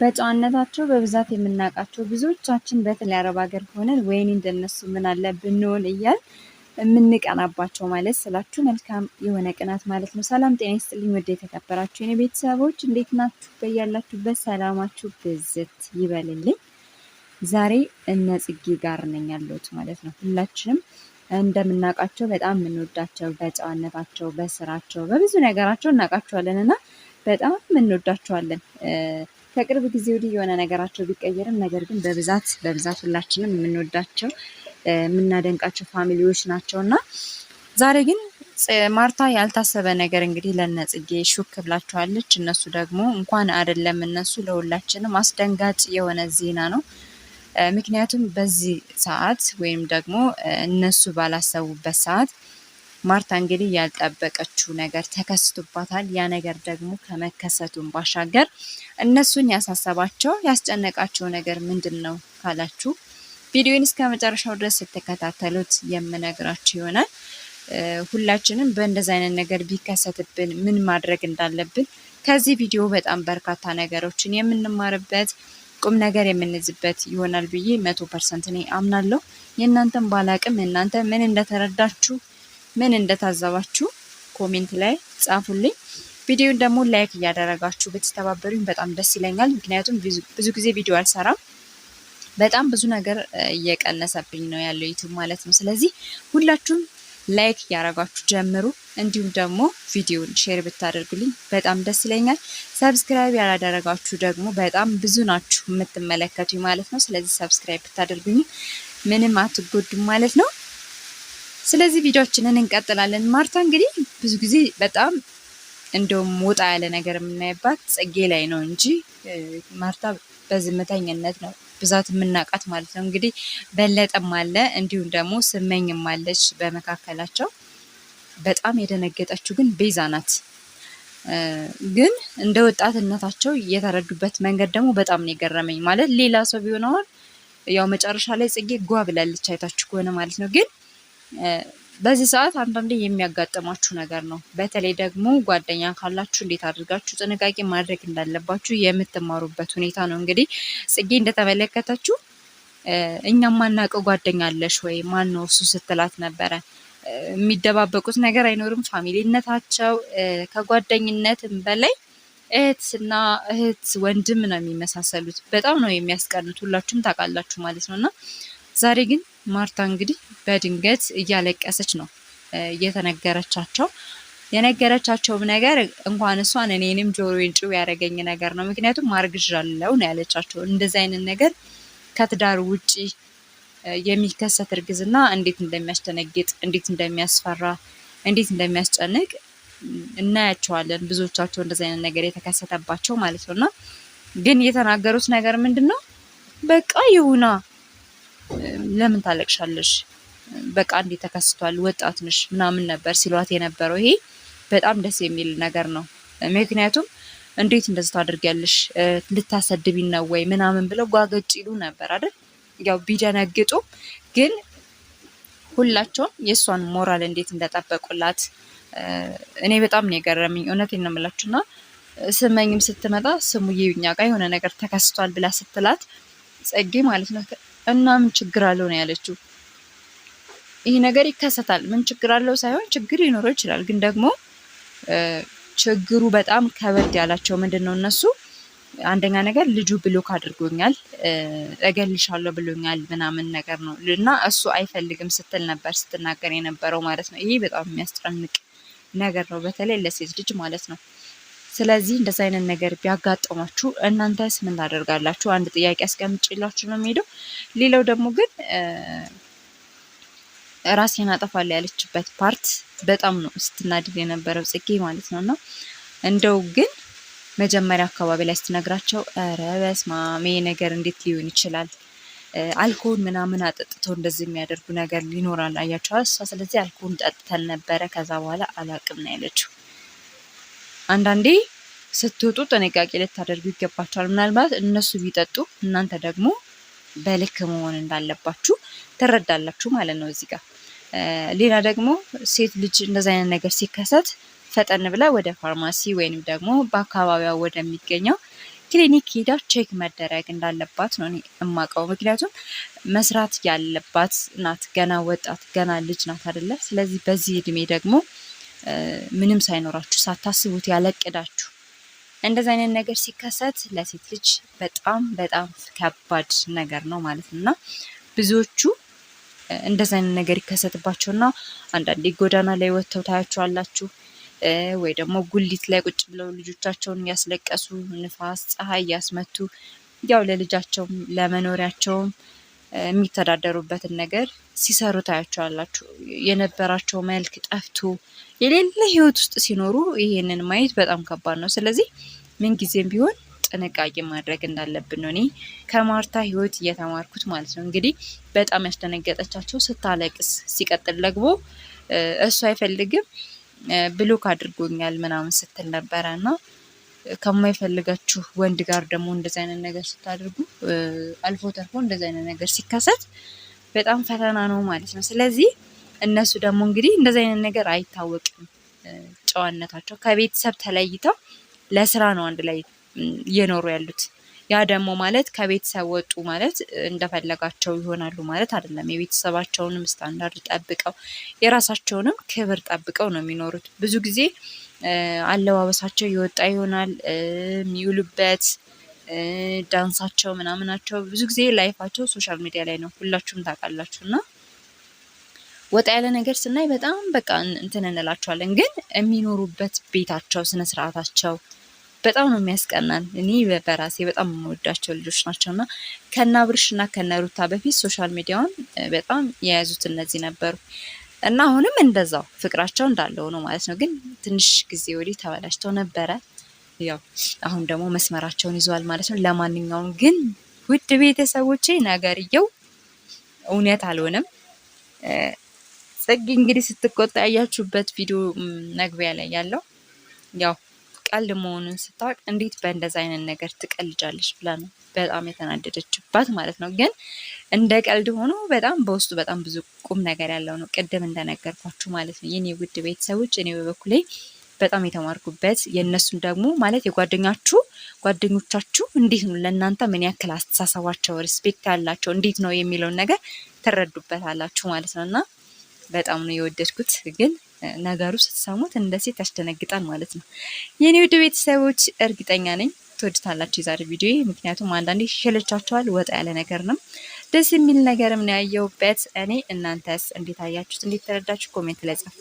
በጨዋነታቸው በብዛት የምናውቃቸው ብዙዎቻችን በተለይ አረብ ሀገር ሆነን ወይኔ እንደነሱ ምን አለ ብንሆን እያል የምንቀናባቸው ማለት ስላችሁ መልካም የሆነ ቅናት ማለት ነው። ሰላም ጤና ይስጥልኝ ወደ የተከበራችሁ የኔ ቤተሰቦች እንዴት ናችሁ? በያላችሁበት ሰላማችሁ ብዝት ይበልልኝ። ዛሬ እነ ጽጌ ጋር ነኝ ያለሁት ማለት ነው። ሁላችንም እንደምናውቃቸው በጣም የምንወዳቸው በጨዋነታቸው፣ በስራቸው፣ በብዙ ነገራቸው እናውቃቸዋለን እና በጣም እንወዳቸዋለን። ከቅርብ ጊዜ ወዲህ የሆነ ነገራቸው ቢቀየርም ነገር ግን በብዛት በብዛት ሁላችንም የምንወዳቸው የምናደንቃቸው ፋሚሊዎች ናቸው እና ዛሬ ግን ማርታ ያልታሰበ ነገር እንግዲህ ለነጽጌ ሹክ ብላቸዋለች። እነሱ ደግሞ እንኳን አይደለም እነሱ ለሁላችንም አስደንጋጭ የሆነ ዜና ነው። ምክንያቱም በዚህ ሰዓት ወይም ደግሞ እነሱ ባላሰቡበት ሰዓት ማርታ እንግዲህ ያልጠበቀችው ነገር ተከስቶባታል። ያ ነገር ደግሞ ከመከሰቱን ባሻገር እነሱን ያሳሰባቸው ያስጨነቃቸው ነገር ምንድን ነው ካላችሁ ቪዲዮን እስከ መጨረሻው ድረስ ስትከታተሉት የምነግራችሁ ይሆናል። ሁላችንም በእንደዚህ አይነት ነገር ቢከሰትብን ምን ማድረግ እንዳለብን ከዚህ ቪዲዮ በጣም በርካታ ነገሮችን የምንማርበት ቁም ነገር የምንዝበት ይሆናል ብዬ መቶ ፐርሰንት እኔ አምናለሁ። የእናንተን ባላቅም እናንተ ምን እንደተረዳችሁ ምን እንደታዘባችሁ ኮሜንት ላይ ጻፉልኝ። ቪዲዮን ደግሞ ላይክ እያደረጋችሁ ብትተባበሩኝ በጣም ደስ ይለኛል። ምክንያቱም ብዙ ጊዜ ቪዲዮ አልሰራም። በጣም ብዙ ነገር እየቀነሰብኝ ነው ያለው ዩቱብ ማለት ነው። ስለዚህ ሁላችሁም ላይክ እያደረጋችሁ ጀምሩ። እንዲሁም ደግሞ ቪዲዮን ሼር ብታደርጉልኝ በጣም ደስ ይለኛል። ሰብስክራይብ ያላደረጋችሁ ደግሞ በጣም ብዙ ናችሁ የምትመለከቱኝ ማለት ነው። ስለዚህ ሰብስክራይብ ብታደርጉኝ ምንም አትጎዱም ማለት ነው። ስለዚህ ቪዲዮችንን እንቀጥላለን። ማርታ እንግዲህ ብዙ ጊዜ በጣም እንደውም ወጣ ያለ ነገር የምናይባት ጽጌ ላይ ነው እንጂ ማርታ በዝምተኝነት ነው ብዛት የምናውቃት ማለት ነው። እንግዲህ በለጠም አለ እንዲሁም ደግሞ ስመኝም አለች በመካከላቸው። በጣም የደነገጠችው ግን ቤዛ ናት። ግን እንደ ወጣትነታቸው የተረዱበት መንገድ ደግሞ በጣም ነው የገረመኝ። ማለት ሌላ ሰው ቢሆን አሁን ያው መጨረሻ ላይ ጽጌ ጓ ብላለች አይታችሁ ከሆነ ማለት ነው ግን በዚህ ሰዓት አንዳንዴ የሚያጋጥማችሁ ነገር ነው። በተለይ ደግሞ ጓደኛ ካላችሁ እንዴት አድርጋችሁ ጥንቃቄ ማድረግ እንዳለባችሁ የምትማሩበት ሁኔታ ነው። እንግዲህ ጽጌ እንደተመለከታችሁ እኛም ማናውቀው ጓደኛ አለሽ ወይ ማን ነው እሱ ስትላት ነበረ። የሚደባበቁት ነገር አይኖርም። ፋሚሊነታቸው ከጓደኝነትም በላይ እህትና እህት ወንድም ነው የሚመሳሰሉት። በጣም ነው የሚያስቀኑት። ሁላችሁም ታውቃላችሁ ማለት ነው እና ዛሬ ግን ማርታ እንግዲህ በድንገት እያለቀሰች ነው እየተነገረቻቸው የነገረቻቸውም ነገር እንኳን እሷን እኔንም ጆሮ ጭው ያደረገኝ ነገር ነው። ምክንያቱም አርግዣለሁ ነው ያለቻቸው። እንደዚ አይነት ነገር ከትዳር ውጪ የሚከሰት እርግዝና እንዴት እንደሚያስደነግጥ፣ እንዴት እንደሚያስፈራ፣ እንዴት እንደሚያስጨንቅ እናያቸዋለን። ብዙዎቻቸው እንደዚ አይነት ነገር የተከሰተባቸው ማለት ነው እና ግን የተናገሩት ነገር ምንድን ነው? በቃ ይሁና ለምን ታለቅሻለሽ? በቃ እንዲህ ተከስቷል፣ ወጣት ነሽ ምናምን ነበር ሲሏት የነበረው። ይሄ በጣም ደስ የሚል ነገር ነው። ምክንያቱም እንዴት እንደዚህ ታደርጊያለሽ? ልታሰድቢን ነው ወይ ምናምን ብለው ጓገጭ ይሉ ነበር አይደል? ያው ቢደነግጡ ግን ሁላቸውም የእሷን ሞራል እንዴት እንደጠበቁላት እኔ በጣም ነው የገረመኝ። እውነቴን ነው ስመኝም ስትመጣ ስሙዬ እኛ ጋር የሆነ ነገር ተከስቷል ብላ ስትላት ጸጌ ማለት ነው እና ምን ችግር አለው ነው ያለችው። ይህ ነገር ይከሰታል፣ ምን ችግር አለው ሳይሆን ችግር ሊኖረው ይችላል። ግን ደግሞ ችግሩ በጣም ከበድ ያላቸው ምንድን ነው እነሱ አንደኛ ነገር ልጁ ብሎክ አድርጎኛል፣ እገልሻለሁ ብሎኛል ምናምን ነገር ነው እና እሱ አይፈልግም ስትል ነበር ስትናገር የነበረው ማለት ነው። ይሄ በጣም የሚያስጨንቅ ነገር ነው፣ በተለይ ለሴት ልጅ ማለት ነው። ስለዚህ እንደዚህ አይነት ነገር ቢያጋጥማችሁ እናንተስ ምን ታደርጋላችሁ? አንድ ጥያቄ አስቀምጬላችሁ ነው የሚሄደው። ሌላው ደግሞ ግን ራሴን አጠፋለሁ ያለችበት ፓርት በጣም ነው ስትናድድ የነበረው ጽጌ ማለት ነው። እና እንደው ግን መጀመሪያ አካባቢ ላይ ስትነግራቸው ኧረ በስመ አብ ይሄ ነገር እንዴት ሊሆን ይችላል? አልኮል ምናምን አጠጥተው እንደዚህ የሚያደርጉ ነገር ሊኖራል አያቸዋል። እሷ ስለዚህ አልኮል ጠጥተል ነበረ ከዛ በኋላ አላቅም ነው ያለችው። አንዳንዴ ስትወጡ ጥንቃቄ ልታደርጉ ይገባቸዋል። ምናልባት እነሱ ቢጠጡ እናንተ ደግሞ በልክ መሆን እንዳለባችሁ ትረዳላችሁ ማለት ነው እዚህ ጋር። ሌላ ደግሞ ሴት ልጅ እንደዚህ አይነት ነገር ሲከሰት ፈጠን ብላ ወደ ፋርማሲ ወይንም ደግሞ በአካባቢዋ ወደሚገኘው ክሊኒክ ሄዳ ቼክ መደረግ እንዳለባት ነው የማውቀው። ምክንያቱም መስራት ያለባት ናት፣ ገና ወጣት ገና ልጅ ናት አይደለ? ስለዚህ በዚህ እድሜ ደግሞ ምንም ሳይኖራችሁ ሳታስቡት ያለቅዳችሁ እንደዚህ አይነት ነገር ሲከሰት ለሴት ልጅ በጣም በጣም ከባድ ነገር ነው ማለት ነው እና ብዙዎቹ እንደዚህ አይነት ነገር ይከሰትባቸውና አንዳንዴ ጎዳና ላይ ወጥተው ታያችኋላችሁ ወይ ደግሞ ጉሊት ላይ ቁጭ ብለው ልጆቻቸውን እያስለቀሱ ንፋስ፣ ፀሐይ እያስመቱ ያው ለልጃቸውም ለመኖሪያቸውም የሚተዳደሩበትን ነገር ሲሰሩ ታያቸዋላችሁ። የነበራቸው መልክ ጠፍቶ የሌለ ህይወት ውስጥ ሲኖሩ ይሄንን ማየት በጣም ከባድ ነው። ስለዚህ ምንጊዜም ቢሆን ጥንቃቄ ማድረግ እንዳለብን ነው እኔ ከማርታ ህይወት እየተማርኩት ማለት ነው። እንግዲህ በጣም ያስደነገጠቻቸው ስታለቅስ፣ ሲቀጥል ደግሞ እሱ አይፈልግም ብሎክ አድርጎኛል ምናምን ስትል ነበረ እና ከማይፈልጋችሁ ወንድ ጋር ደግሞ እንደዚ አይነት ነገር ስታደርጉ አልፎ ተርፎ እንደዚ አይነት ነገር ሲከሰት በጣም ፈተና ነው ማለት ነው። ስለዚህ እነሱ ደግሞ እንግዲህ እንደዚ አይነት ነገር አይታወቅም ጨዋነታቸው ከቤተሰብ ተለይተው ለስራ ነው አንድ ላይ እየኖሩ ያሉት። ያ ደግሞ ማለት ከቤተሰብ ወጡ ማለት እንደፈለጋቸው ይሆናሉ ማለት አይደለም። የቤተሰባቸውንም ስታንዳርድ ጠብቀው የራሳቸውንም ክብር ጠብቀው ነው የሚኖሩት። ብዙ ጊዜ አለባበሳቸው የወጣ ይሆናል የሚውሉበት ዳንሳቸው ምናምናቸው ብዙ ጊዜ ላይፋቸው ሶሻል ሚዲያ ላይ ነው። ሁላችሁም ታውቃላችሁ። እና ወጣ ያለ ነገር ስናይ በጣም በቃ እንትን እንላቸዋለን። ግን የሚኖሩበት ቤታቸው ስነ ስርዓታቸው በጣም ነው የሚያስቀናን። እኔ በራሴ በጣም የምወዳቸው ልጆች ናቸው እና ከነ አብርሽ እና ከነ ሩታ በፊት ሶሻል ሚዲያውን በጣም የያዙት እነዚህ ነበሩ እና አሁንም እንደዛው ፍቅራቸው እንዳለው ነው ማለት ነው። ግን ትንሽ ጊዜ ወዲህ ተበላሽተው ነበረ። ያው አሁን ደግሞ መስመራቸውን ይዘዋል ማለት ነው። ለማንኛውም ግን ውድ ቤተሰቦቼ ነገርየው እውነት አልሆነም። ጽጌ እንግዲህ ስትቆጣ ያያችሁበት ቪዲዮ መግቢያ ላይ ያለው ያው ቀልድ መሆኑን ስታውቅ እንዴት በእንደዛ አይነት ነገር ትቀልጃለች ብላ ነው በጣም የተናደደችባት ማለት ነው። ግን እንደ ቀልድ ሆኖ በጣም በውስጡ በጣም ብዙ ቁም ነገር ያለው ነው። ቅድም እንደነገርኳችሁ ማለት ነው የኔ ውድ ቤተሰቦች፣ እኔ በበኩሌ በጣም የተማርኩበት የእነሱን ደግሞ ማለት የጓደኛችሁ ጓደኞቻችሁ እንዴት ነው ለእናንተ ምን ያክል አስተሳሰባቸው ሪስፔክት ያላቸው እንዴት ነው የሚለውን ነገር ትረዱበታላችሁ ማለት ነው እና በጣም ነው የወደድኩት ግን ነገሩ ስትሰሙት እንደሴት ያስደነግጣል ማለት ነው። የኔ ውድ ቤተሰቦች እርግጠኛ ነኝ ትወድታላችሁ የዛሬ ቪዲዮ፣ ምክንያቱም አንዳንዴ ሸለቻችኋል። ወጣ ያለ ነገር ነው፣ ደስ የሚል ነገርም ነው ያየሁበት እኔ። እናንተስ እንዴት አያችሁት? እንዴት ተረዳችሁ? ኮሜንት ላይ ጻፉ።